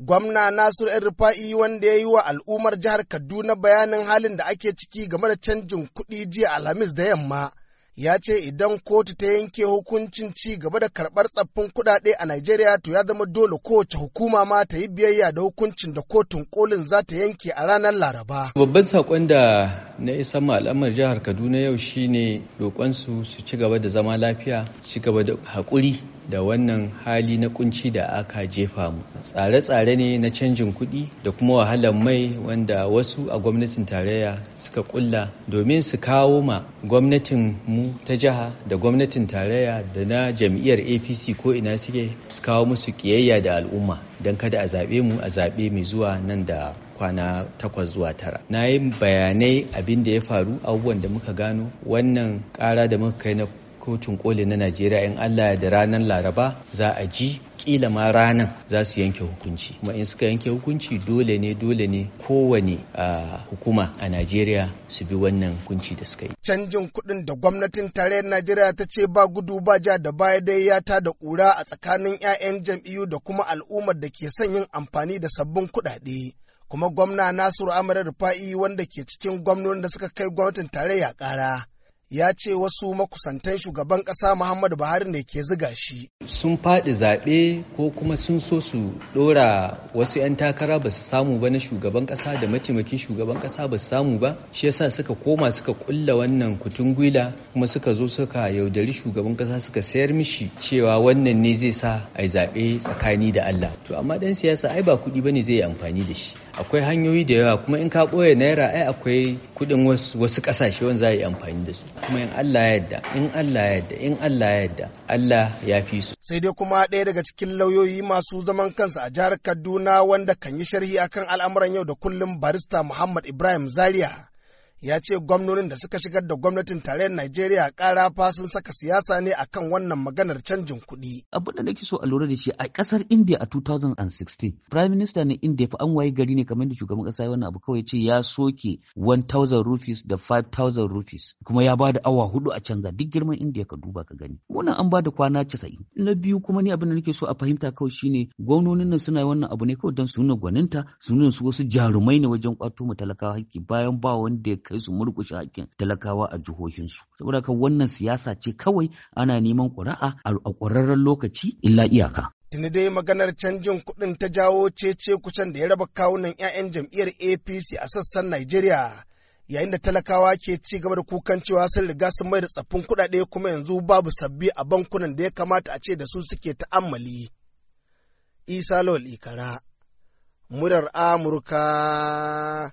Gwamna Nasiru ‘yan Rufa'i wanda ya yi wa al'ummar jihar Kaduna bayanin halin da ake ciki game da canjin kuɗi jiya Alhamis da yamma. ya ce idan kotu ta yanke hukuncin ci gaba da karɓar tsaffin kuɗaɗe a Najeriya to ya zama dole kowace hukuma ma ta yi biyayya da hukuncin da kotun kolin za ta yanke a ranar Laraba. Babban saƙon da na isa ma al'ammar jihar Kaduna yau shine roƙonsu su ci gaba da zama lafiya, ci gaba da haƙuri da wannan hali na kunci da aka jefa mu tsare-tsare ne na canjin kuɗi da kuma wahalar mai wanda wasu a gwamnatin tarayya suka kulla domin su kawo ma gwamnatin mu ta jiha da gwamnatin tarayya da na jam'iyyar apc ko ina suke su kawo musu kiyayya da al'umma don kada a zaɓe mu a zaɓe mai zuwa nan da kwana takwas zuwa tara na yi bayanai abin da ya faru abubuwan da muka gano wannan ƙara da muka kai na kotun koli na najeriya in allah da ranar laraba za a ji kila ma ranan za su yanke hukunci kuma in suka yanke hukunci dole ne dole ne kowane hukuma a najeriya su bi wannan hukunci da suka yi canjin kuɗin da gwamnatin tarayyar najeriya ta ce ba gudu ba ja da baya dai ya ta da ƙura a tsakanin 'ya'yan jam'iyyu da kuma al'ummar da ke son yin amfani da sabbin kuɗaɗe kuma gwamna nasiru amara rufa'i wanda ke cikin gwamnonin da suka kai gwamnatin tarayya ƙara ya ce wasu makusantan shugaban ƙasa Muhammadu Buhari ne ke ziga shi. Sun faɗi zaɓe ko kuma sun so su ɗora wasu 'yan takara ba su samu ba na shugaban ƙasa da mataimakin shugaban ƙasa ba su samu ba, shi yasa suka koma suka ƙulla wannan kutun gwila kuma suka zo suka yaudari shugaban ƙasa suka sayar mishi cewa wannan ne zai sa a zaɓe tsakani da Allah. To amma ɗan siyasa ai ba kuɗi ba ne zai yi amfani da shi. Akwai hanyoyi da yawa kuma in ka ɓoye naira ai akwai kuɗin wasu ƙasashe wanda za a yi amfani da su. kuma in Allah ya yadda in Allah ya yadda in Allah ya yadda Allah ya fi su sai dai kuma ɗaya daga cikin lauyoyi masu zaman kansa a jihar Kaduna wanda kan yi sharhi akan al'amuran yau da kullum barista Muhammad Ibrahim Zaria ya ce gwamnonin da suka shigar da gwamnatin tarayyar Najeriya ƙara fa sun saka siyasa ne akan wannan maganar canjin kuɗi. Abin da nake so a lura da shi a ƙasar India a 2016 Prime Minister na India fa an waye gari ne kamar da shugaban ƙasa ya wannan abu kawai ce ya soke 1000 rupees da 5000 rupees kuma ya ba da awa hudu a canza duk girman India ka duba ka gani. Munan an bada kwana 90. Na biyu kuma ni abin da nake so a fahimta kawai shine gwamnonin nan suna wannan abu ne kawai don su nuna gwaninta su nuna su wasu jarumai ne wajen kwato mu talakawa hakki bayan ba wanda kai su murƙushe hakkin talakawa a jihohinsu saboda ka wannan siyasa ce kawai ana neman ƙuri'a a ƙwararren lokaci illa iyaka tuni dai maganar canjin kuɗin ta jawo cece kusan da ya raba kawunan 'ya'yan jam'iyyar apc a sassan najeriya yayin da talakawa ke ci gaba da kukan cewa sun riga sun mai da tsaffin kuɗaɗe kuma yanzu babu sabbi a bankunan da ya kamata a ce da su suke ta'ammali. Isa Lawal Ikara, murar Amurka